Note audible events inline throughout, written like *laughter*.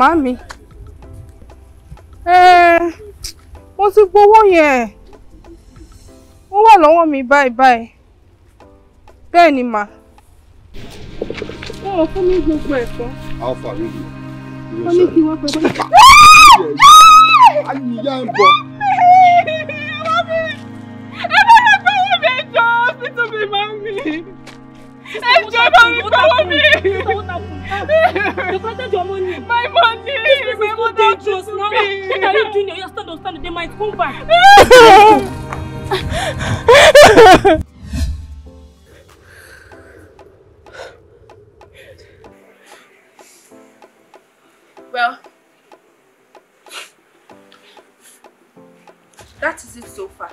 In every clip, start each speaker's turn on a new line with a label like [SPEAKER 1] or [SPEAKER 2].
[SPEAKER 1] màámi eh, mo ti gbowó yẹn ó wà lọ́wọ́ mi báyìí báyìí bẹ́ẹ̀ ni mà wọn fún mi gbogbo ẹ̀kọ́.
[SPEAKER 2] wọ́n ní
[SPEAKER 3] kí wọ́n pẹ́ bá. a ah! ah! mi gbowó mi jọ hospital mi máa mi. You collected your money. My money. This my is so dangerous now. What are you doing You're standing on standing. They might come back.
[SPEAKER 1] well, that is it so far.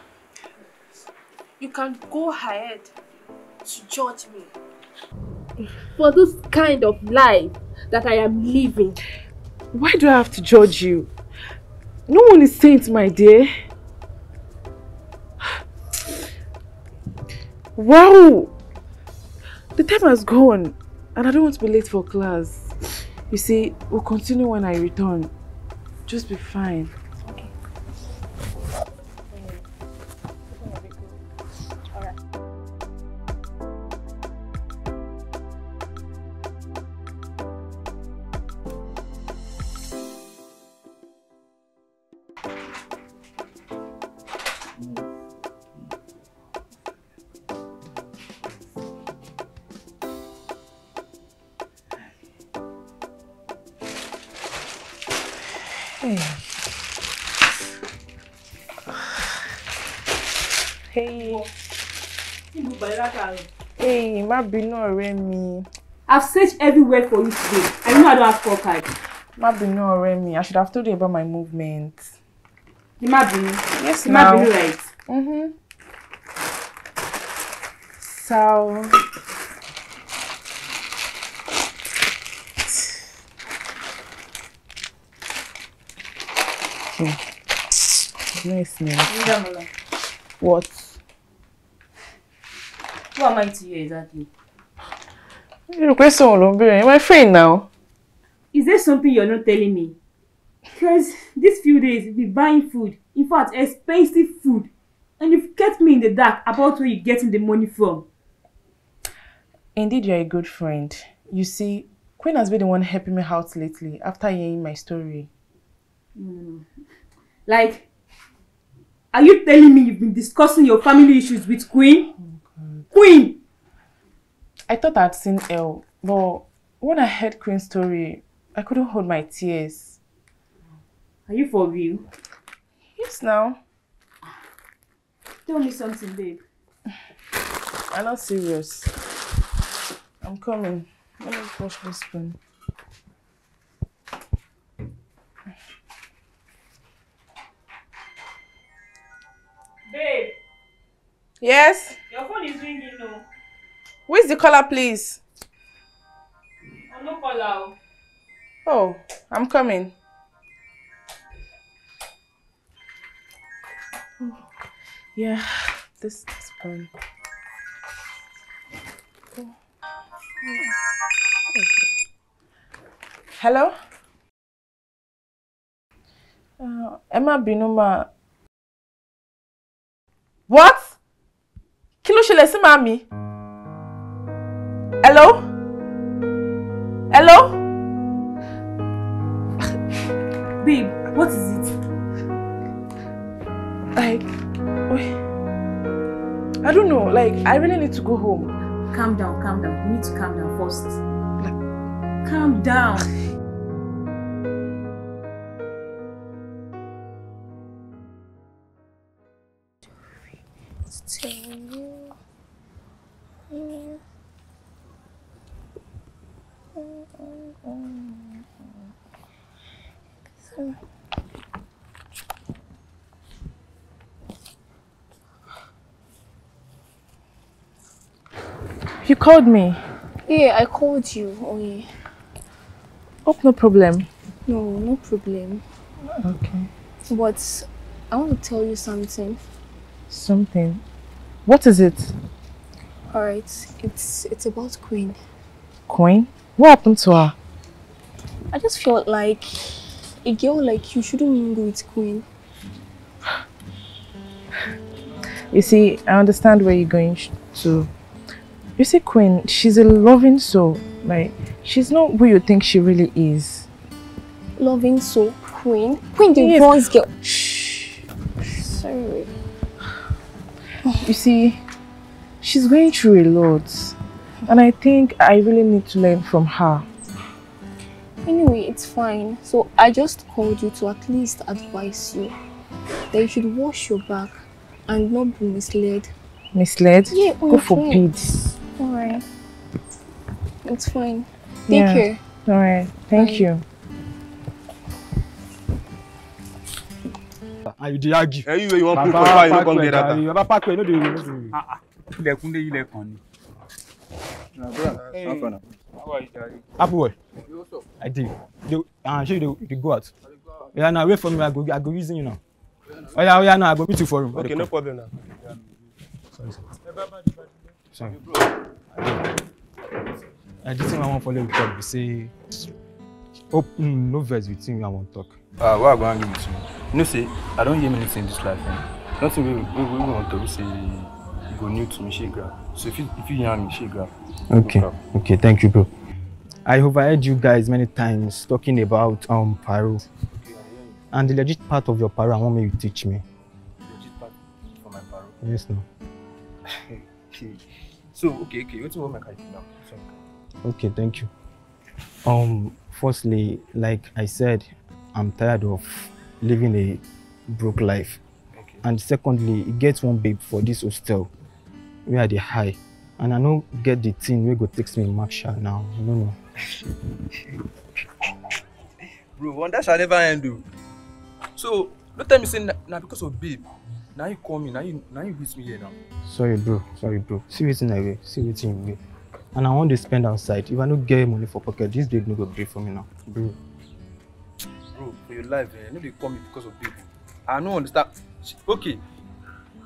[SPEAKER 1] You can go ahead to judge me. For this kind of life, that I am leaving.
[SPEAKER 4] Why do I have to judge you? No one is saint, my dear. Wow! The time has gone and I don't want to be late for class. You see, we'll continue when I return. Just be fine. Hey, má bínú ọ̀rẹ́ mi. I've searched everywhere for you today. I know I don't have call card. Má bínú ọ̀rẹ́ mi. I should have told you about my movement. You má
[SPEAKER 1] bínú. Yes, you now. má right.
[SPEAKER 4] Mm-hmm. So. Hmm. Nice name. What?
[SPEAKER 1] Who am I to you exactly?
[SPEAKER 4] You request someone on You're my friend now.
[SPEAKER 1] Is there something you're not telling me? Because these few days, you've been buying food. In fact, expensive food. And you've kept me in the dark about where you're getting the money from.
[SPEAKER 4] Indeed, you're a good friend. You see, Queen
[SPEAKER 1] has been the one helping
[SPEAKER 4] me out lately after hearing my story. Mm. Like, are you telling me you've been discussing your family issues with Queen? Mm. Queen! I thought I'd seen Elle, but when I heard Queen's story, I couldn't hold my tears. Are you for real? Yes, now.
[SPEAKER 1] Tell me something,
[SPEAKER 4] babe. I'm not serious. I'm coming. Let me wash this spoon. Yes?
[SPEAKER 1] Your phone is ringing now.
[SPEAKER 4] Where's the caller, please?
[SPEAKER 1] I'm no caller.
[SPEAKER 4] Oh, oh I'm coming. Oh, yeah, this is fun. Hello? Uh, Emma Binuma. What? kí ló ṣẹlẹ̀ màmí. hello hello. babe what is it. like wait i don't know like i really need to go
[SPEAKER 1] home. calm down calm down you need to calm down first. Like, calm down.
[SPEAKER 3] Tell you. You
[SPEAKER 4] called me?
[SPEAKER 1] Yeah, I called you. Oh, yeah.
[SPEAKER 4] no problem.
[SPEAKER 1] No, no problem. Okay. But I want to tell you something.
[SPEAKER 4] Something? What is it?
[SPEAKER 1] All right. It's it's about Queen.
[SPEAKER 4] Queen? What happened to her?
[SPEAKER 1] I just felt like a girl like you shouldn't mingle with Queen.
[SPEAKER 4] You see, I understand where you're going to. You see, Queen, she's a loving soul. Like, she's not who you think she really is.
[SPEAKER 1] Loving soul? Queen? Queen, the yes. boys
[SPEAKER 4] girl. Shh.
[SPEAKER 3] Sorry.
[SPEAKER 4] You see, she's going through a lot. And I think I really need to learn from her.
[SPEAKER 1] Anyway, it's fine. So I just called you to at least advise you that you should wash your back and not be misled.
[SPEAKER 4] Misled? Yeah, Go for beads.
[SPEAKER 1] Alright. It's fine. Thank yeah. care.
[SPEAKER 4] Alright, thank Bye. you.
[SPEAKER 2] And you dey argue. Anyway, you you wan put for fire, you no come get that. Your papa, you no dey remove. ilẹ̀kùnlé ilẹ̀kùn
[SPEAKER 5] ni. Apple, I did. They, uh, ah, sure they, they go out. Yeah, now wait for me. I go, I go reason, you now. Oh yeah, oh yeah, now I go meet you for room. Okay, no problem now. Sorry, sir. Sorry. I think I want follow you talk. Be say, oh mm, no verse with him. I want talk. Ah, uh, what I go argue with you? No, say I don't hear anything in this life. Eh? Nothing we we, we want to say. go new to me, So if you if you Okay. okay, thank you, bro. I overheard you guys many times talking about um pyro. Okay, and the legit part of your pyro, I want me you teach me. Legit part for my pyro? Yes, no.
[SPEAKER 3] okay. *laughs*
[SPEAKER 5] So, okay, okay, what's what my card now? Okay, thank you. Um, firstly, like I said, I'm tired of living a broke life. Okay. And secondly, it gets one babe for this hostel. wey i dey high, and i no get the thing wey go take me marshal now you no know. bro wonder shall never end o oh. so no tell me say na, na because of babe now you call me now you now you greet me here now. sorry bro sorry bro see wetin i wear see wetin you wear and i want to spend outside if i no get money for pocket this babe no go gree for me now bro. bro for your life eh no call me because of babe oh. i no understand okay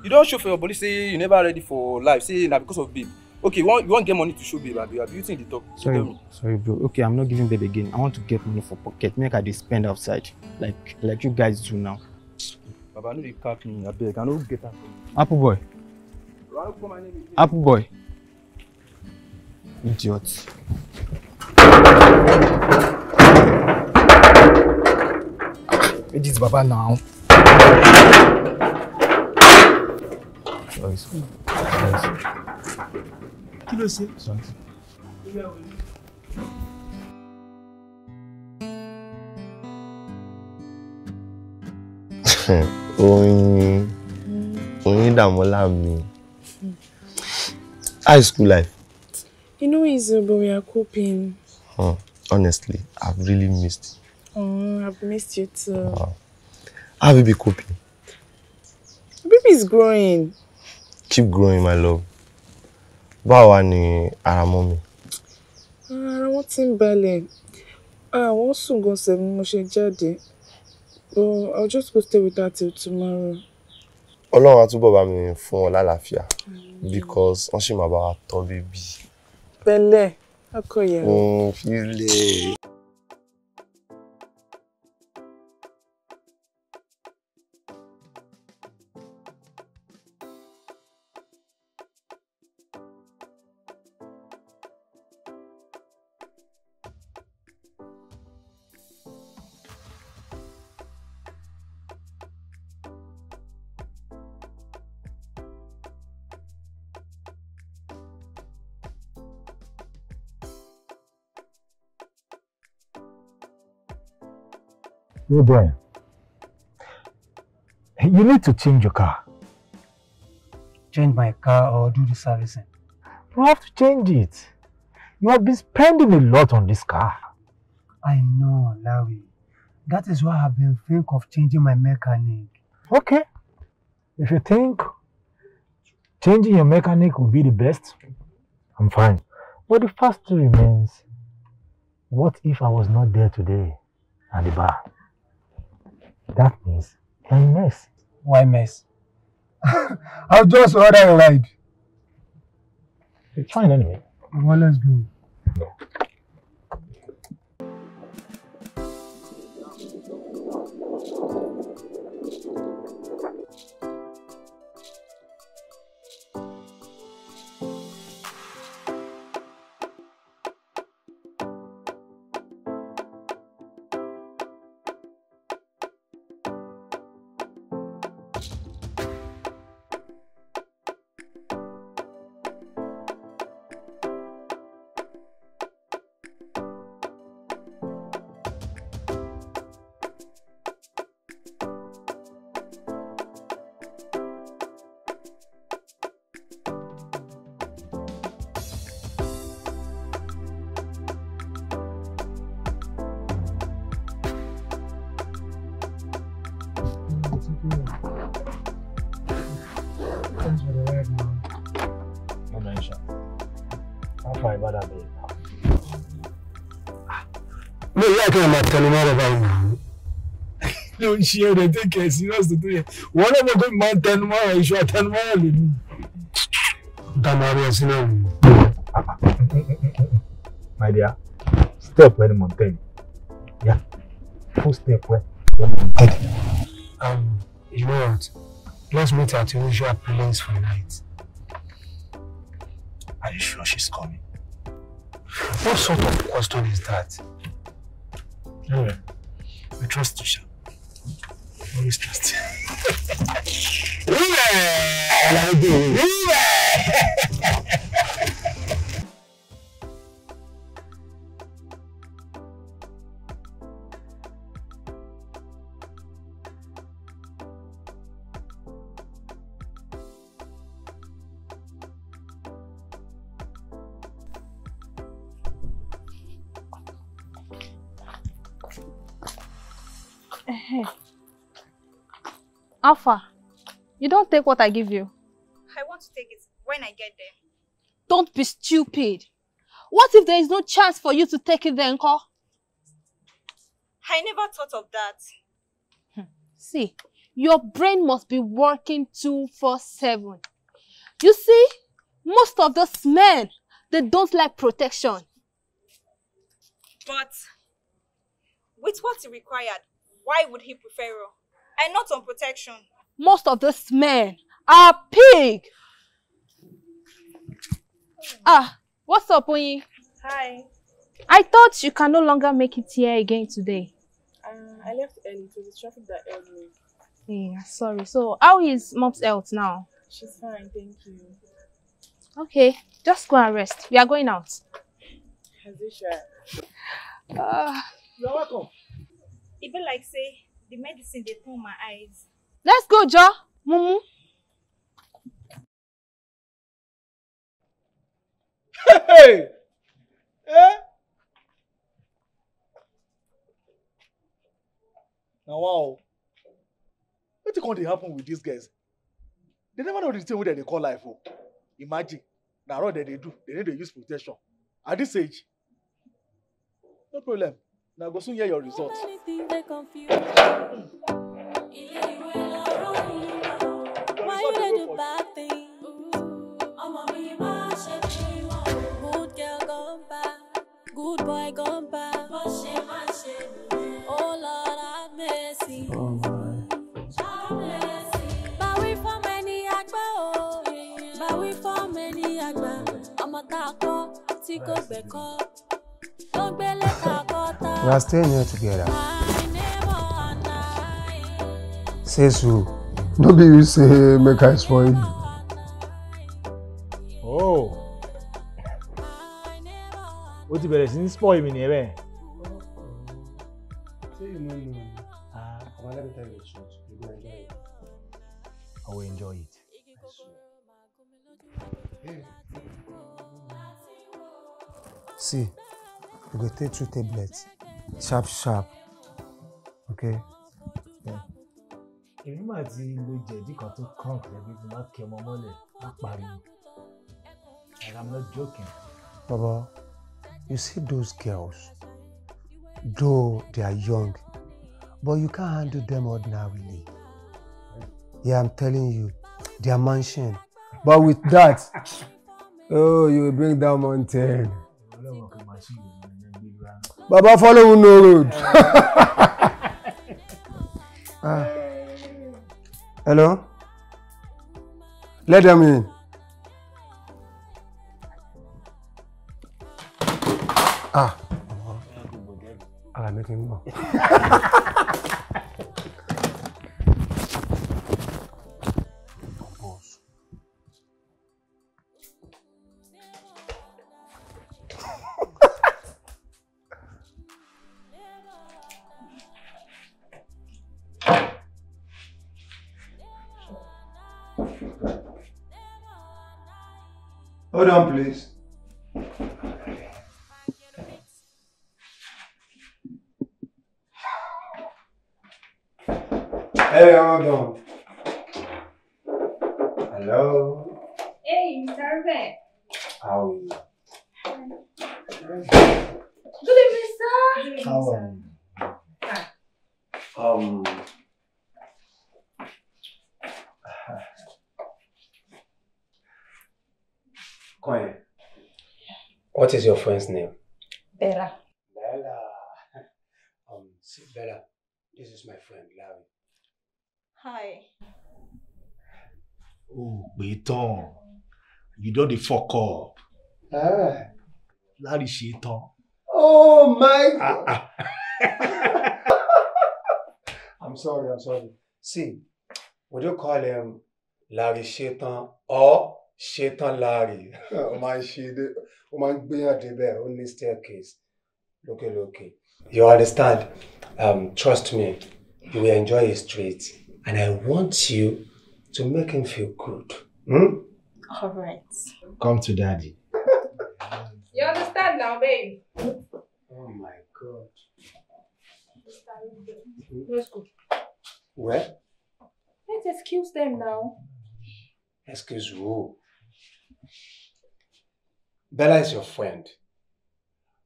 [SPEAKER 5] you don show for your body say you never ready for life say na because of babe okay you wan you wan get money to show babe abi abi you think dey talk sorry sorry bro okay i'm not giving babe again i want to get money for pocket make i dey spend outside like like you guys do now. baba
[SPEAKER 2] no dey cap me abeg i no get am
[SPEAKER 5] apple boy apple boy idiot. Hey, is baba now.
[SPEAKER 2] Sọ èso. Sọ èso. Kí ló ṣe? Sọ èso.
[SPEAKER 5] Oyin Oyin Dàmọ́lá mi. High school life.
[SPEAKER 4] You know it's uh, but we are coping.
[SPEAKER 5] Hmm. Honestly, I've really missed.
[SPEAKER 4] Oh, I've missed you too. Uh,
[SPEAKER 5] how baby coping?
[SPEAKER 4] Baby is growing
[SPEAKER 5] keep growing my love báwa ni ara mọ́ mi.
[SPEAKER 4] ara wọn ti ń balẹ̀ àwọn sùn gan ṣe ni mo ṣe jáde but i'll just go stay with her till tomorrow.
[SPEAKER 5] ọlọ́run á túbọ̀ bá mi fún ọ lálàáfíà because wọ́n sì máa bá wa tọ́ bébí.
[SPEAKER 4] pẹ̀lẹ́ ọkọ yẹn.
[SPEAKER 2] Ruben, you
[SPEAKER 5] need to change your car. Change my car or do the servicing? You have to change it. You have been spending a lot on this car. I know, Larry. That is why I've been thinking of changing my mechanic. Okay.
[SPEAKER 6] If you think changing your mechanic will be the best, I'm fine. But the first remains, what if I was not there today at the bar?
[SPEAKER 5] That means my mess. Why mess? *laughs* I'll just order a ride. It's fine anyway. Well, let's go.
[SPEAKER 3] No. mo ìyá
[SPEAKER 2] kan máa tẹnu mọ́rọ̀ báyìí nìyí. ló ń ṣe rẹ̀ tí kẹ̀ serious tó yẹ wọ́n náà mọ̀ pé mo máa tẹnu mọ́rọ̀ iṣu àtẹnu mọ́rọ̀ lèmi. dàmàrí ẹsìn náà nìyí. my dear step ẹni mọ̀ tẹ́lẹ̀
[SPEAKER 5] yá full step ẹ
[SPEAKER 3] ẹni mọ̀ tẹ́lẹ̀. you know what
[SPEAKER 2] let's meet at your usual place for night. are you sure she's coming?
[SPEAKER 6] what sort of
[SPEAKER 2] question is that?
[SPEAKER 6] Anyway, we trust you, Sha. Always trust.
[SPEAKER 1] How far? You don't take what I give you. I want to take it when I get there. Don't be stupid. What if there is no chance for you to take it then, Ko? I never thought of that. Hmm. See, your brain must be working 247. You see, most of those men, they don't like protection. But with what he required, why would he prefer I not on protection. Most of these men are pig. Ah, what's up, Oyin? Hi. I thought you can no longer make it here again today.
[SPEAKER 4] Uh, I left early. to the traffic that held
[SPEAKER 1] me. Yeah, sorry. So, how is mom's health now?
[SPEAKER 4] She's fine, thank you.
[SPEAKER 1] Okay, just go and rest. We are going out. As Uh, ah. You're welcome. Even like say, The medicine dey turn my eyes. Let's go, Jo.
[SPEAKER 2] Mumu.
[SPEAKER 6] Hey! Eh? Now wow. Wetin come dey happen with these guys? They never know the thing wey dem call life oh. Imagine Now what they dey do, They need to use protection. At this age, no problem. Now go soon hear your result. Good boy
[SPEAKER 3] gone bad. Oh Lord, have mercy. Oh my. But we Bàwí many agba àgbà o. Bàwí fún mẹ́ni àgbà. Ọmọ tá a kọ́ tí kò Don't Tó gbélé
[SPEAKER 5] We are staying here together. Say so. No be you say make I spoil you.
[SPEAKER 3] Oh.
[SPEAKER 2] What you O ti bẹ̀rẹ̀ sí ní spoil mi Ah, ẹ bẹ́ẹ̀.
[SPEAKER 3] let me tell you the truth. ṣe ìgbà enjoy it. I will enjoy it.
[SPEAKER 2] See, you go take two tablets sharp sharp okay.
[SPEAKER 3] èmi máa ti lo
[SPEAKER 2] jẹ̀dí kan tó kàn lẹ́bí tí máa kẹ́ ọmọ mọ́lẹ̀ á and i'm not joking.
[SPEAKER 5] baba you see those girls though they are young but you can't handle them ordinarily yeah i'm telling you they are mansion but with that *laughs* oh you will bring down mountain. ọlọ́run kò máa ṣe ìròyìn. Baba follow no road. *laughs* ah.
[SPEAKER 2] Hello? Let them in.
[SPEAKER 5] Ah. Ah, making more. Hold on, please. What is your friend's name? Bella. Bella. *laughs* Um, see, Bella, this is my friend, Larry. Hi.
[SPEAKER 2] Oh, Beton. You don't the fuck up.
[SPEAKER 5] Ah. Larry Sheton. Oh my ah, God. Ah, ah. *laughs* I'm sorry, I'm sorry. See, would you call him Larry Shetan or Shetan Larry? *laughs* oh, my shit. ó máa ń gbéyàn débẹ̀ ó ní staircase lókèlókè. you understand um, trust me you will enjoy his treat and I want you to make him feel good. Hmm? all right. come to daddy.
[SPEAKER 1] *laughs* you understand now babe. oh my god.
[SPEAKER 5] let's go. where.
[SPEAKER 1] let's excuse them now.
[SPEAKER 5] excuse who. Bella is your friend.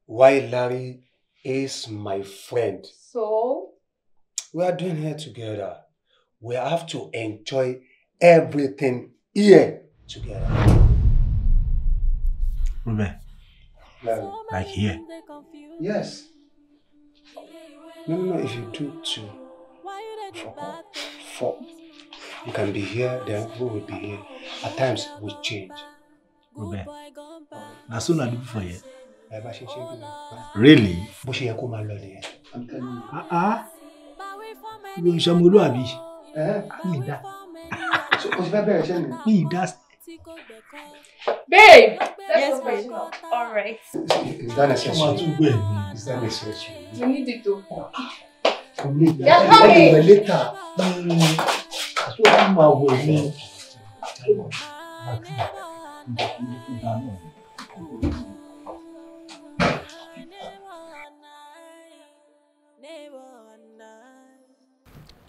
[SPEAKER 5] Why Larry is my friend.
[SPEAKER 1] So?
[SPEAKER 5] We are doing here together. We have to enjoy everything here together.
[SPEAKER 3] Ruben. Larry. Like here? Yes. No, no, no. If you do too. For, for, you
[SPEAKER 5] can be here, then we will be here. At times, we change. Ruben.
[SPEAKER 6] na so na do for here. ẹ bá ṣe ṣe bí really. bó ṣe yẹ kó máa lọ nìyẹn. Ah, ah. mi ò ṣọmọlúwàbí. mi ì dá. o ti fẹ́ bẹ̀rẹ̀ iṣẹ́ mi. mi ì dá.
[SPEAKER 1] Babe! yes, babe. All right.
[SPEAKER 2] Is, that necessary? Is that necessary?
[SPEAKER 1] You need it to.
[SPEAKER 6] Come later.
[SPEAKER 2] They're coming.
[SPEAKER 6] Later.
[SPEAKER 3] That's what I'm aware of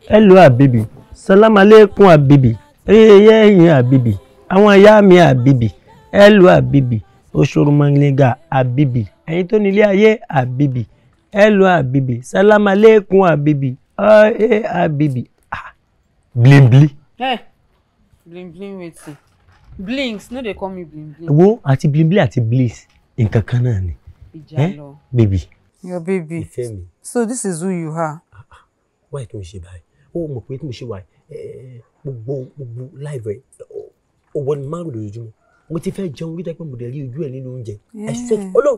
[SPEAKER 6] hello abibi salam aleikum abibi eyeye eyin abibi àwọn ìyá mi abibi hello abibi oṣooro mangilega abibi ẹ̀yin tó nílé ayé abibi hello abibi salam aleikum abibi ọ̀ẹ́ abibi ah blimbli.
[SPEAKER 1] ẹ blimbli eh, wetin blinks no dey call me blin blin. wo
[SPEAKER 6] àti blin blin àti bliss nǹkan kan náà ni. ìjà lọ baby. your baby ìfẹ́ mi. so this is who you are. wáyé tó ń ṣe báyìí ó mọ̀ pé tí mo ṣe wà gbogbo gbogbo láìpẹ́ ọwọ́ ni márùn lójoojúmọ́ mo ti fẹ́ jẹun rí dápẹ́ mo dẹ̀ rí ojú ẹ̀ nínú oúnjẹ ẹ̀sẹ̀ ọlọ́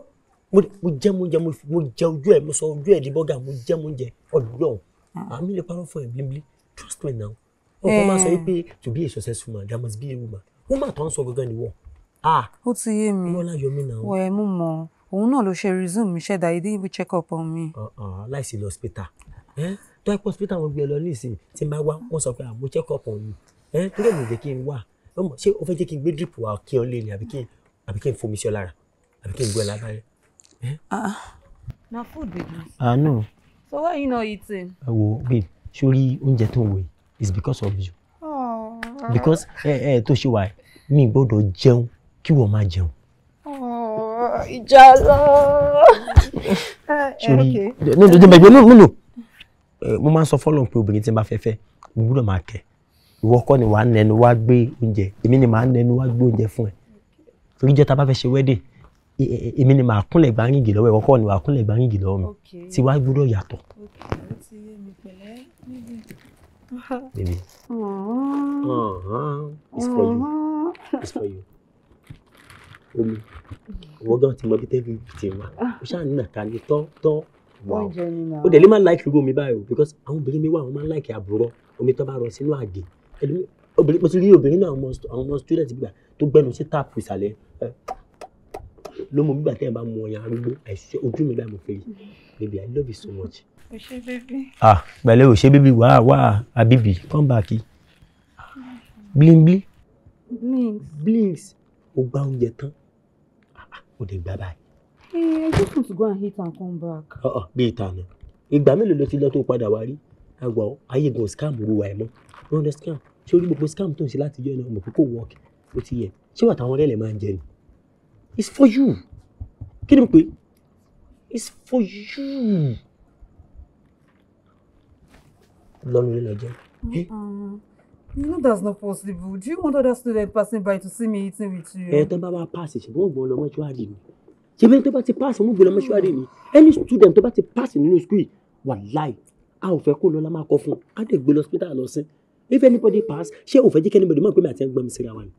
[SPEAKER 6] mo jẹ mo jẹ mo jẹ ojú ẹ̀ mo sọ ojú ẹ̀ di bọ́gà mo jẹ mo jẹ ọlọ́run ah. àmì lè parọ́ fún ẹ̀ bíbí trust me now eh. ọkọ máa sọ pé to be a successful man there must be a woman woman tó ń sọ gangan nìwọ. ó ti yé mi wọ ẹ mú mọ òun
[SPEAKER 1] náà ló ṣe resume iṣẹ́ dàídé ibi check up on mi.
[SPEAKER 6] Uh-uh. láìsí lọ hospital tó ẹ pọ hospital wọn gbé lọ ní ìsìn tí n bá wá wọn sọ pé àgbo check up on mi tó lè mú ìdè kí n wà ṣé o fẹ́ jẹ́ kí n gbé drip wá kí ọ lé ni àbí kí n fomi sí ọ lára àbí kí n gbé ọ lábẹ́rẹ́.
[SPEAKER 1] na food baby. ah no. so why you no eating. ẹ
[SPEAKER 6] ah, wo babe sórí oúnjẹ tó ń wò yìí is because of you.
[SPEAKER 1] Oh.
[SPEAKER 4] because
[SPEAKER 6] ẹ eh, ẹ eh, tó ṣe wà mi gbọ́dọ̀ jẹun kí wọ́n máa jẹun.
[SPEAKER 3] ìjà lọ. sori no no no no
[SPEAKER 6] eh, no mo máa ń sọ fọlọ́n pé obìnrin tí n bá fẹ́ fẹ́ mo gbọ́dọ̀ máa kẹ́ ìwọ kọ́ ni wàá nẹnu wá gbé oúnjẹ èmi ni màá nẹnu wá gbé oúnjẹ fún ẹ torí jẹ́ ta bá fẹ́ ṣe wedding e, e, e, èmi ni màá kúnlẹ̀ gbáríngì lọ́wọ́ ìwọ kọ́ ni wàá kúnlẹ̀ gbáríngì lọ́wọ́ mi tí wàá gbọ́dọ̀ yàtọ̀.
[SPEAKER 3] Baby. Aww. *laughs*
[SPEAKER 6] Aww. It's for
[SPEAKER 3] you ask for you
[SPEAKER 6] omi ìwọ gan ti mọ bí tẹ́lẹ̀ ti wà ah. ó ṣáà nà ká ní tọ́ tọ́ wà ó dẹ̀ lè má like irú omi báyìí o because àwọn obìnrin mi wà wọ́n máa ń like àbúrò omi tó bá rọ sínú àgè ẹlòmí obìnrin pẹ̀lú rí obìnrin náà àwọn ọmọ student gbà tó gbẹnu sí táàpù ìsàlẹ̀ ló mọ bíbà tẹ́yìn bá mú ọyàn arúgbó àìsí ojú mi láì mọ̀ fẹ́ yìí baby i love you so much.
[SPEAKER 3] o
[SPEAKER 6] ah pẹ̀lẹ́ o ṣe bébí wàá àbíbí come back ah, bling bling blinks. blinks o gba oúnjẹ tán o lè gbà báyìí.
[SPEAKER 1] ẹ ẹ just want to go and hit and come back.
[SPEAKER 6] bí ìtànà ìgbà mélòó ló ti lọ tó padà wá rí àgbà ayégun scam ru wa ẹ mọ you understand ṣé orí gbogbo scam tó ń ṣe láti jẹ́ ọmọ kókó work ó ti yẹ ṣé wàá táwọn ọ̀rẹ́lẹ̀ máa ń jẹ ni it's for you kí ni mo pè it's for you lọ́nu ilé lọ jẹ́. You know
[SPEAKER 1] that's not possible. Do you want other students passing by to see me eating with you? Ẹ
[SPEAKER 6] tán bá wa pass ṣe wọ́n gbọ́ lọ mọ́ṣúárì ni. Ṣé bí tó bá ti pass wọ́n gbọ́ lọ mọ́ṣúárì ni? Any student tó bá ti pass nínú school yìí, wàláì, a ò fẹ́ kó lọ la máa kọ fún un, á dẹ̀ gbé lọ hospital lọ sí. If anybody pass, ṣé ò fẹ́ jẹ́ kí anybody mọ̀ pé mi me. ẹgbẹ́ mi síra wa ni?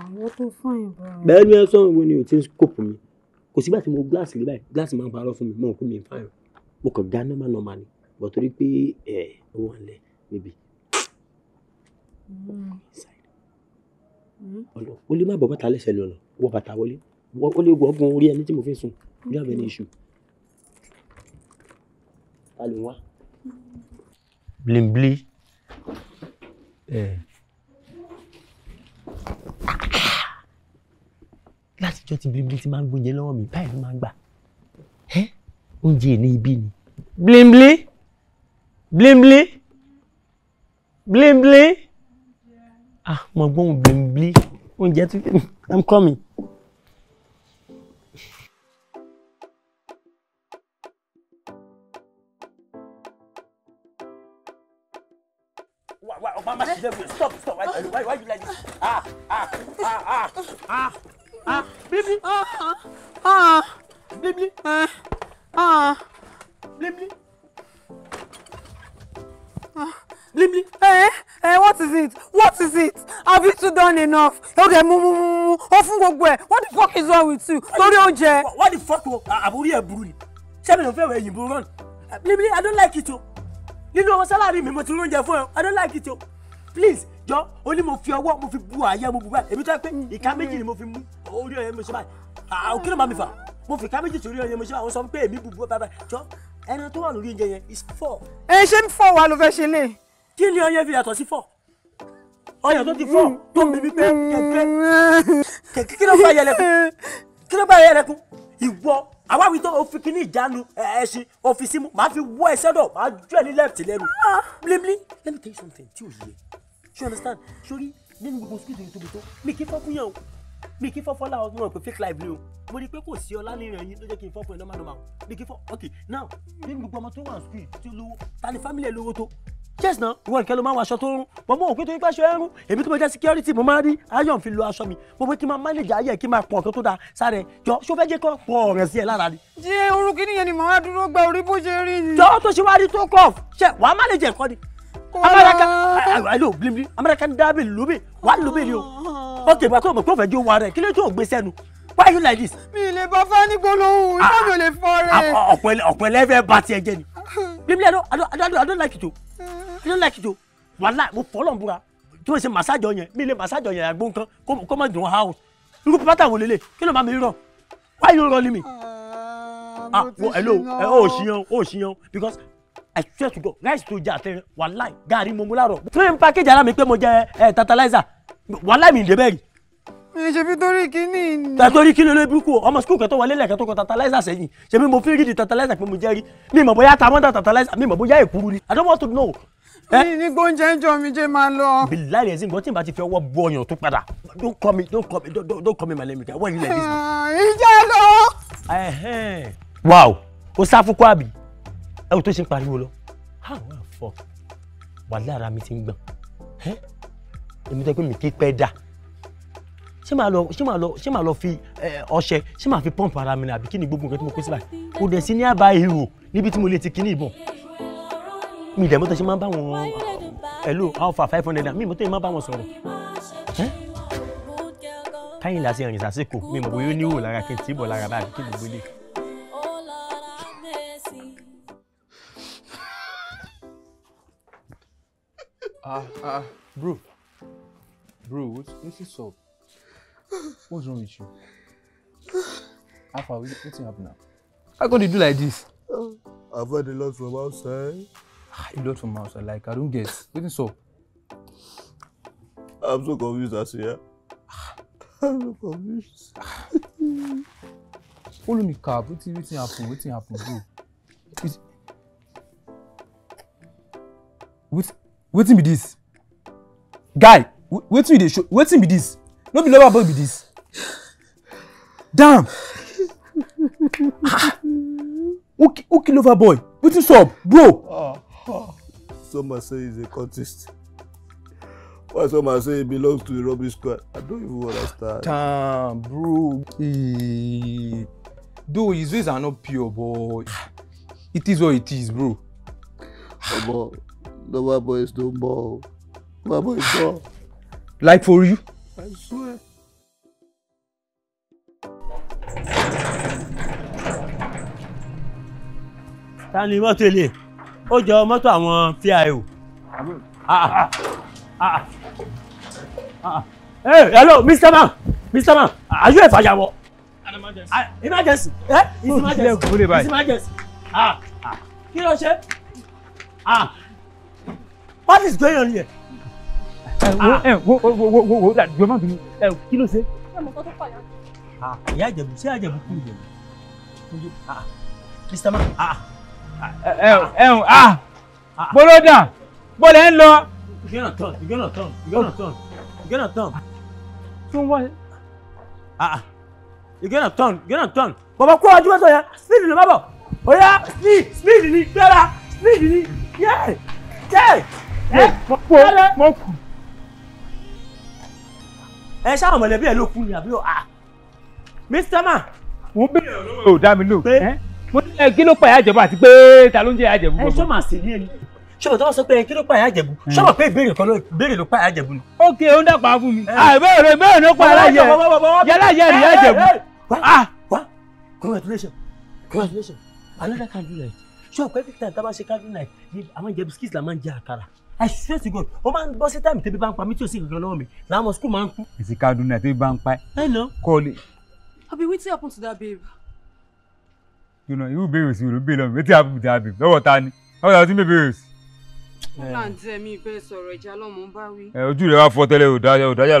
[SPEAKER 3] Àwọn tó fàyìn bá. Bẹ́ẹ̀
[SPEAKER 6] ni ẹ sọ òun ni ò ti ń kópù mi. Kò sígbà My mo gíláàsì rí báyìí, gíláàsì máa ń parọ́ fún mi, mo kò mi fàyìn. Mo kàn dá nọ́mà nọ́mà ni, bọ̀ torí pé ẹ̀ ó wà lẹ̀ níbi ọ̀nà o lè má bọ́ bàtà lẹ́sẹ̀ lọ́nà wọ bàtà wọlé o lè wọ orí ẹni tí mo fi sùn you don't have any issue. ta ló ti blimbli ti máa ń gbóúnjẹ lọ́wọ́ mi báyìí ló máa ń gbà oúnjẹ ní ibi ni blimbli blimbli blimbli ah mo gbóhùn gbèǹblí oúnjẹ tí i'm coming. Why, why, mama, she Stop, stop. Why, why, why you like this? Ah, ah, ah, ah, ah, ah, blibli. Ah, ah, blibli. Ah, eh, ah, blibli. Ah, blibli. Ah! Eh eh what is it what is it have you two done enough ó dẹ̀ mú mú mú ó fún gbogbo ẹ̀ what the fuck is wrong with you lórí oúnjẹ. what the fuck o àbúrí ẹ̀ burú ni ṣé mi ò fẹ́ wẹ̀ yìnbó rán eh, ni i don't like it o nínú ọmọ sálárì mi mo ti oúnjẹ fún ẹ i don't like it o please jọ ó ní mo fi ọwọ́ mo fi bu àyà mo bu báyìí èmi tó yẹ pé mm. ìka méjì ni mo fi mú orí ọyẹ mo ṣe báyìí òkè ah, ló máa mi fà mo fi ìka méjì sórí ọyẹ mo ṣe báyìí wọ́n sọ pé èmi bu báyìí jọ ẹni tó wà lórí oúnjẹ yẹn is four. ẹ eh, ṣé ń fọ wa ló fẹ́ ṣe lè kí ni ọyẹ fi yàtọ̀ sí fọ́ ọyàn tó ti fọ́ tó ń bíbí pé kẹ̀kẹ́ kí ló bá yẹlẹ kún kí ló bá yẹlẹ kún ìwọ àwáwí tó fi kíní ìjánu ẹṣin ọfíìsì mu màá fi wọ ẹsẹ̀ dọ̀ màá jù ẹ ní lẹ́ẹ̀tì lẹ́nu ah. blimili let me tell you something tí ò yẹ ṣé o understand sórí nínú gbogbo skit yìí tóbi tó mi kì í fọ́ fún yẹn o mi kì í fọ́ fọ́lá ọdún wọn fake life ni o mo rí i pé kò sí ọlá nínú ẹyin ló jẹ́ kí n fọ́ fún ẹ normal normal mi kì í fọ́ ok now nínú gbogbo ọmọ tó wà ní skul tí ó lówó ta ni family ẹ lówó tó yes na ìwọ nìkan ló máa ń wọ aṣọ tó ń rún mo mọ òpin tó yípa aṣọ ẹrún èmi tó máa jẹ security mo máa rí ayọ̀ fi lo aṣọ mi mo fi ti máa manage ayé kí n máa pọ̀ tó tó da sáré jọ ṣó fẹ́ jẹ́ kó pọ̀ ọ̀rẹ́ sí ẹ lára ni.
[SPEAKER 5] jẹ́ orúkí nìyẹn ni màá dúró gba orí bó ṣe rí ni. jọ
[SPEAKER 6] tó ṣe wá rí tó kọ ṣe wàá manage ẹ̀kọ́ ni. amẹ́ríkà àìlò blimbi amẹ́ríkà ń dábì lóbì wàá lóbì ni o ó tẹ̀ bá tó mọ̀ pé ó fẹ́ jó wa rẹ̀ kí ló tó gbé you like this.
[SPEAKER 5] mi lè bá fani gbólóhùn ah, iná mi ò lè fọ rẹ. Ah,
[SPEAKER 6] ọ̀pọ̀ ẹlẹ́fẹ̀ẹ́ *laughs* i don't i don't i don't like it o. I don't like it o. Wàhálà mo fọ́ lọ́n búra. Tí wọ́n ṣe màsájọ yẹn mi lè màsájọ yẹn àgbo nǹkan kó má dùn ọ́ irú pátá wo lele. kí ló máa mi rírọ̀ why you run me. ah wo hello ẹ ó ṣìyàn ó ṣìyàn because I swear to God rice tó jẹ àtẹrẹ wàhálà gàrí mo mú láàárọ̀. tí wọ́n ń package ara mi pé mo jẹ ẹ tantalizer wàhálà mi ń débẹ̀
[SPEAKER 5] ṣebí torí kíní ni.
[SPEAKER 6] tàtórí kí ló lé burúkú ọmọ sukùl kẹtọ wọlé lẹkẹtọ kọ tantalizer sẹ́yìn ṣebí mo fi rídi tantalizer pé mo jẹ mi mọ̀ bóyá tamọ́dà tantalizer mi mọ̀ bóyá èkúrú ni i don't want to know. mi ní gbóúnjẹ ń jọ mi jẹ máa lọ. bilali ẹsìn gbọ́n tí n bá ti fi ọwọ́ bu ọyàn tó padà don't call me don't call me don't, don't call me my name again wọ́n ilẹ̀ bísí.
[SPEAKER 3] Ah, ìjà lọ.
[SPEAKER 6] wow o sáfúkú àbí ẹ o tó ṣe ń pariwo lọ wàhálà ara mi ti ń gbọ̀n èmi tẹ́ pé mi kí pẹ́ dáa ṣé màá lọ ṣé màá lọ ṣé màá lọ fi ọṣẹ ṣé màá fi pọ́ǹpù ara mi ni àbí kí ni gbogbo nǹkan tí mo kó sí kò dẹ̀ sí ní àbá èrò níbi tí mo lè ti kíní ìbọn mi ìdààmú ṣe máa bá wọn hello alpha five hundred mi ìmọ̀tò yìí máa bá wọn sọ̀rọ̀ káyìn láti ẹ̀rìn sásìkò mi ìmọ̀ bóyá ó níwò lára kí n tì í bọ̀ lára báyìí kí n gbélé. Ah, ah, bro
[SPEAKER 2] bro what, what is up? What's wrong with you? Alpha, what's happening now?
[SPEAKER 5] How come you do like this? I've
[SPEAKER 2] heard a lot from outside. Ah, a
[SPEAKER 5] lot from outside, like I don't get. Wetin sup?
[SPEAKER 2] I'm so confused Asiya. here.
[SPEAKER 5] I'm so confused. Follow me cab, wetin wetin happen, wetin happen What's Wetin be this?
[SPEAKER 6] Guy, wetin you dey show, wetin be this? no be lover boy be this damn ah who, who kill lover boy wetin
[SPEAKER 5] sup bro.
[SPEAKER 2] Ah, ah. some say he's a cultist why some are saying he belongs to the rubbish squad i don't even understand.
[SPEAKER 5] damn bro eee though his ways are not pure but it is what it is bro. omo lover boy is no more lover boy is
[SPEAKER 6] gone. like for you. I swear. ta ni mọ́tò ilé Ah, ah, ah, ah, pio.
[SPEAKER 3] Ah, ah.
[SPEAKER 6] Hey, hello, Mr. Man, Mr. Man, are you a firework? emergency. Uh, emergency. Eh? It's oh, emergency. It's emergency. Ah, ah. Kí ló ṣe? Ah. What is going on here? ah ẹ wo ẹ wo wo wo wo jọ má bínú ẹ kí ah ṣe. ìyá àjẹbù ṣé àjẹbù kú ìjẹbù kúnjú ah man. ẹ ah ẹ bọ́lọ́dà ah ń lọ. you gonna turn you gonna turn you gonna turn you gonna turn. tún wá. you gonna turn you gonna turn. bàbá kó ọjọ́ mẹ́tọ̀ yẹn speed ni má bọ̀ oya speed speed ni gbẹ́ra speed ni yẹ́ẹ̀ yẹ́ẹ̀. mo kú mo kú ẹ ṣáwọn mọ̀lẹ́bí ẹ ló kú ni àbí ó mr man. mo ń bèrè ọ̀rọ̀ ò dá mi lò. mo ní kí ló pa ìyá àjẹbù àti pé ta ló ń jẹ ìyá àjẹbù. ẹ ṣọ́ sì ní ẹni ṣọ́bọ̀ tó sọ pé kí ló pa ìyá àjẹ̀bù ṣọ́bọ̀ pé ìbéèrè kan béèrè ló pa ìyá àjẹ̀bù ni. ok ó ń dàpọ̀ fún mi. àìbéèrè béèrè ló pa aláyẹ yálàyẹ ìyá àjẹ̀bù. wá wá another candle light ṣọ́ọ̀ pé I swear to God o máa ń bọ́ sí táìmù tẹ́bí bá ń pa mí tí o sì kankan lọ́wọ́ mi làwọn skul máa ń kú.
[SPEAKER 2] èsì Kaduna tẹ́bí bá ń pa ẹ́. I know. kọ́ọ̀lì.
[SPEAKER 6] Abi wetin happen to that babe.
[SPEAKER 2] you know irú bèrè sí ìrò bèrè lọ́mọ wetin happen to that babe lọ́wọ́ ta ni lọ́wọ́ ta ni tí mi bèrè sí.
[SPEAKER 3] wọ́n là ń tẹ́ mi bẹ́ẹ̀ sọ̀rọ̀ ìjà lọ́mọ ń bá wí.
[SPEAKER 2] ojú rẹ̀ wá fọ́ tẹ́lẹ̀ òdájà lọ́yà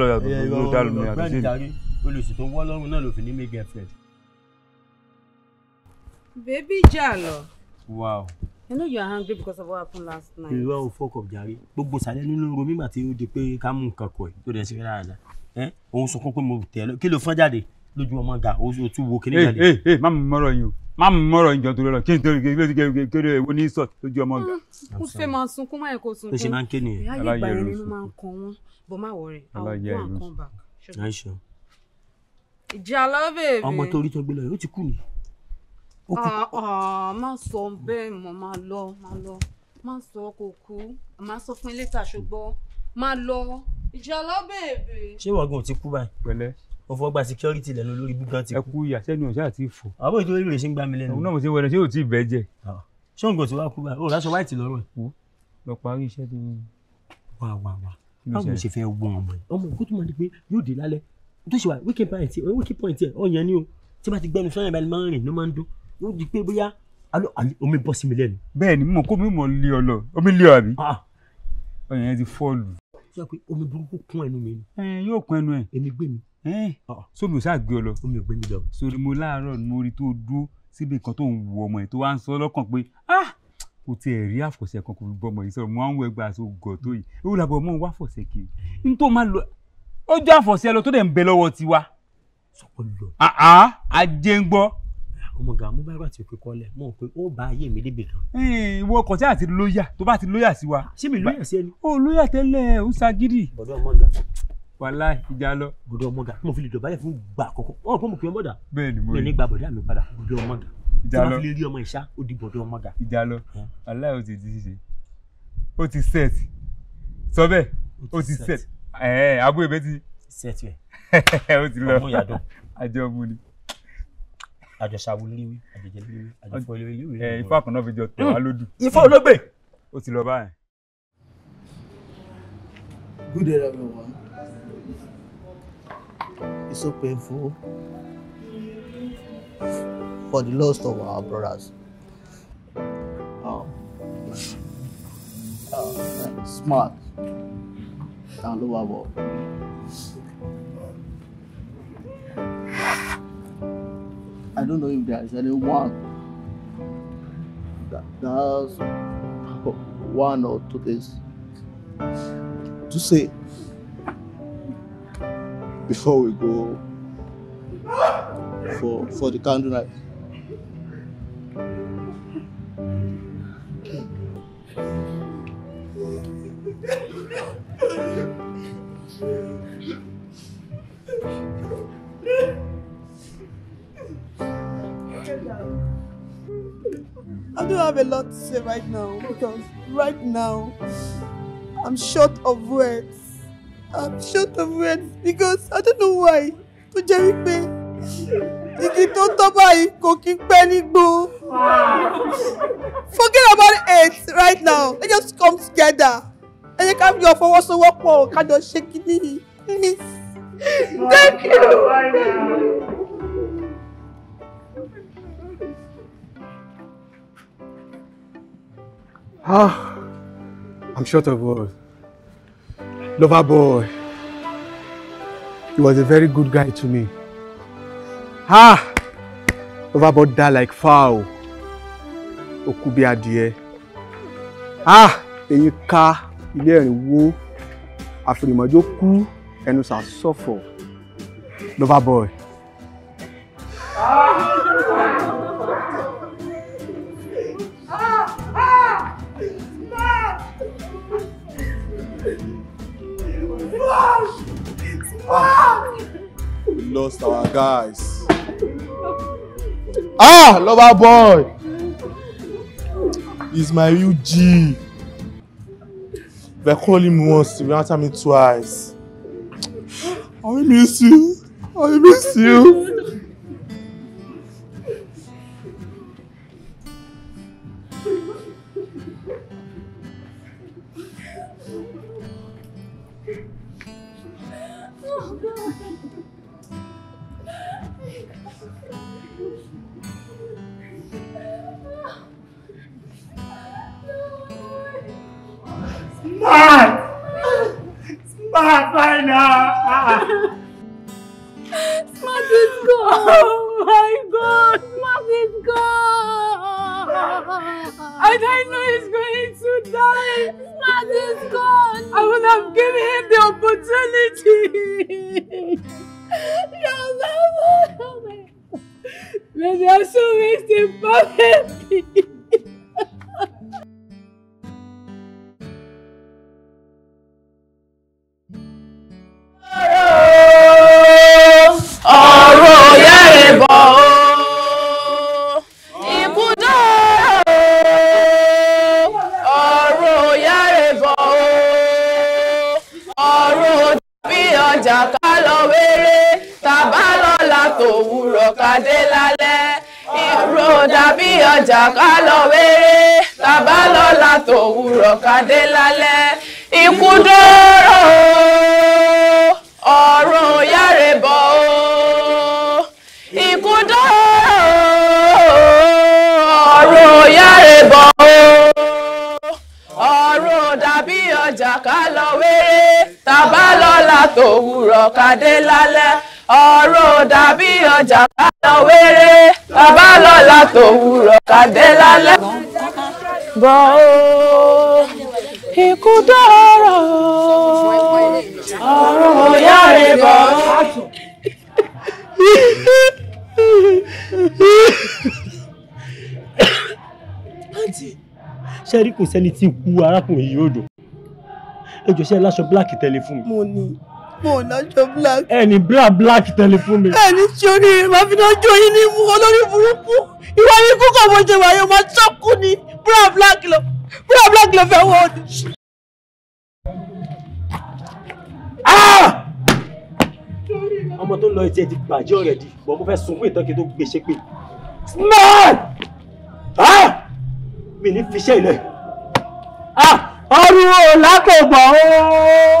[SPEAKER 2] tó dá lómi àti
[SPEAKER 6] olùsì wow
[SPEAKER 1] You know you are hungry because of what happened last night. Ìwé
[SPEAKER 6] ò fọ́kọ̀ jàre. Gbogbo sàlẹ̀ nínú romi ìgbà tí ó di pé ká mú nǹkan kọ̀ ẹ̀ tó dẹ̀ sí rẹ̀ dáadáa. Ẹ́ òun sọ fún pé mo tẹ̀ ẹ́ kí ló fọ́n jáde lójú ọmọ ga o tún wo kíní jáde.
[SPEAKER 2] Ee ee má mú mọ́rọ̀ yín o má mú mọ́rọ̀ yín jọ torí ọ̀rọ̀ kí n torí kí ló ti kéré ewo ní sọ lójú ọmọ ga. Kò mm, fẹ́
[SPEAKER 1] máa sunkún máa yẹ kó sunkún. Ó ṣe máa ń ké nìyẹn. Ìyá yìí gbàyẹn nínú máa ń kan wọn bọ̀ má wọ̀rẹ̀ àwọn kan àkànbà. Ìjà lọ́bẹ̀ẹ́bẹ̀. Ọmọ tó rí
[SPEAKER 6] tó gbé lọ yìí ó ti kú nìyẹn.
[SPEAKER 1] Ah, ah, má sọ bẹ́ẹ̀ mọ́ má lọ má lọ má sọ kò kú má sọ fún lẹ́tà ṣùgbọ́n má lọ ìjọlọ bèbè.
[SPEAKER 6] ṣé wọ́gùn ti kú báyìí. pẹ̀lẹ́ o fọ gba security lẹ́nu lórí búgan ti kú. ẹ kú ìyá sẹ́nu ọ̀sẹ̀ àti ìfọ̀. àbọ̀ ìjọ rírẹ̀ ṣe ń gbá mi lẹ́nu. òun náà mo ṣe wẹ̀rẹ̀ ṣé ò tí ì bẹ́ jẹ. Ah, ṣé òǹgọ̀ ti wá kú báyìí o láṣọ wáìtì lọ́rùn ẹ̀. wo lọ parí iṣẹ́ tó ń. wà wà wà báwo
[SPEAKER 2] ló
[SPEAKER 3] ṣe
[SPEAKER 6] fẹ́ wọ ọmọ yìí. ọmọ òkú tó máa di pé yóò dé lálẹ́ tó ṣe wà wíkì point ẹ̀ ọ̀yàn ni o tí bá ti gbẹnu sọ́yìn balẹ̀ máa yóò di pé bóyá alo omi bọ́ sí mi lẹ́nu. bẹ́ẹ̀ni mo kó mi mọ lé ọ lọ omi lé ọ àbí. Ah, ah. ọyàn yẹn ti fọọlù. sọ pé
[SPEAKER 2] omi burúkú kún ẹnu mi. yóò kún ẹnu ẹ. èmi gbé mi. sómi ah, ò sáà gbé ọ lọ. omi ò gbé mi lọ. sori mo láàárọ̀ ni mo rí tó dúró síbi kan tó ń wu ọmọ yẹn tó wá ń sọ lọ́kàn pé ah kò tiẹ̀ rí àfọ̀sẹ̀ kan kò fi bọ́ ọmọ yìí sọ̀rọ̀ mo máa ń wọ ẹgbàá aṣọ gọ̀ tó yìí ewu làbọ̀ ọmọ wa fọ̀sẹ̀ kiri nítorí máa lọ ó jẹ́ àfọ̀sẹ̀ lọ tó dẹ̀ ń bẹ lọ́wọ́ tiwa.
[SPEAKER 6] sọ̀kọ̀ lọ. àá ń gbọ́ ọmọ gàá mú báyìí àti òkè kọlẹ̀ mọ̀ pé ó bá ayé mi débi kan. ìwọ ọkọ àti lóyà tó bá ti lóyà sí wa. ṣé mi lóyà sí ẹni. ó lóyà tẹ́lẹ̀ ó ṣagídì. bọ̀dọ̀ ọmọ gà. wàhálà ìjà lọ. bọ̀dọ̀ ọmọ gà mo fi lè dọ̀bálẹ̀ fún gbà àkọ́kọ́ ọ̀rọ̀ pọ̀ mo kì í ọmọdà. bẹ́ẹ̀ni mo rí mi ní gba bọ̀dọ̀ àmì padà bọ̀dọ̀ ọmọ gà. ìjà lọ tí wọ́n fi lè rí ọmọ ìṣá ó di bọ̀dọ̀ ọmọ ìjà lọ
[SPEAKER 2] wàhálà ó set sọ bẹ́ẹ̀ set ẹ̀ẹ́ abúlé bẹ́ẹ̀ ti. set yẹ. *laughs* ó ni àjọṣàwò léwé àjọjẹ léwé àjọfọ léwé. ẹ ifá kan náà fi jọ tẹ wá lódù. ifá olóògbé. ó ti lọ báyìí. good day
[SPEAKER 4] everyone
[SPEAKER 6] it's so painful
[SPEAKER 5] for the loss of our brothers. Um, uh, smart and
[SPEAKER 6] lovable. I don't know if there is anyone that, does one or two days
[SPEAKER 2] to say before we go
[SPEAKER 6] for for the candle night.
[SPEAKER 3] Thank you.
[SPEAKER 6] have a lot to say
[SPEAKER 5] right now because right now I'm short of words. I'm short of words because I don't know why tó jẹ́ wípé igi tó tọ́ báyìí kò kí ń pẹ́ nígbó. Forget
[SPEAKER 1] about it right now. Let's just come together. and Ẹ jẹ́ ká fi ọ̀fọwọ́sowọ́pọ̀ ká jọ ṣe kíní. Please. Thank you.
[SPEAKER 2] Ah, I'm short of words. Lover boy. He was a very good guy to me. Ah, lover boy died like fowl. Ah, in your car, Ah, eyín ká after ẹ̀rín wó. Àfìrìmọ̀jó kú ẹnu sà suffer. Lover boy. Ah! just our guys. Ah, lover boy. He's my UG. G. They call him once, they answer me twice.
[SPEAKER 3] *gasps* I miss you. I miss you. Mami. *laughs*
[SPEAKER 4] ká lọ wéré tàbá lọ́la tòwúrọ̀ ká dé lálẹ́
[SPEAKER 3] ikú dóró
[SPEAKER 4] ọ̀run yáre bọ̀ o ikú dóró
[SPEAKER 3] ọ̀run yáre o
[SPEAKER 4] ọ̀run dàbí ọjà ká lọ wéré tàbá lọ́la tòwúrọ̀ ká dé lálẹ́ ọ̀run dàbí ọjà. pàdé lálẹ́.
[SPEAKER 3] bọ́ o ikú dọ̀rọ̀ ọ̀rọ̀ ìyá rẹ̀ bọ̀.
[SPEAKER 6] àǹtí ṣe rí kò sẹ́ni tí ikú arákùnrin yìí ò dùn ẹ jọ ṣe aláṣọ bíláàkì tẹlifóònù. mo ní mo lọ́jọ́ black. ẹni bra black tẹ̀lé fún mi. ẹni sori màá fi náà jó yín ní mú olórí burúkú ìwà ní kúkọ̀ mo ṣe wáyé ọmọ ṣọ́ọ̀kù ni bra black lọ bra black lọ fẹ́ wọ́n ni. Ah! ọmọ tó ń lọ etí ẹ ti bàjẹ́ ọ̀rẹ́ di bọ́ mo fẹ́ sunkún ìtọ́kì tó gbé ṣépè. small ah! mi ní fiṣẹ́
[SPEAKER 3] ilẹ̀ ah! ọrùn ò lákògbọ̀n ooo.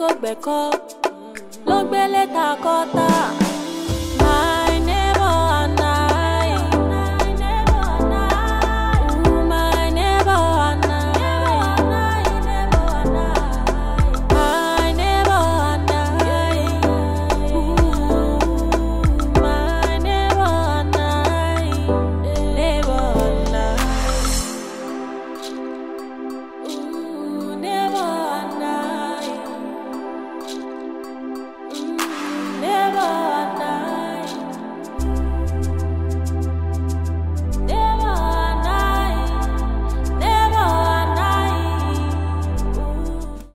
[SPEAKER 3] kó gbẹ̀kọ́ ló gbé lẹ́tà kọ́ta.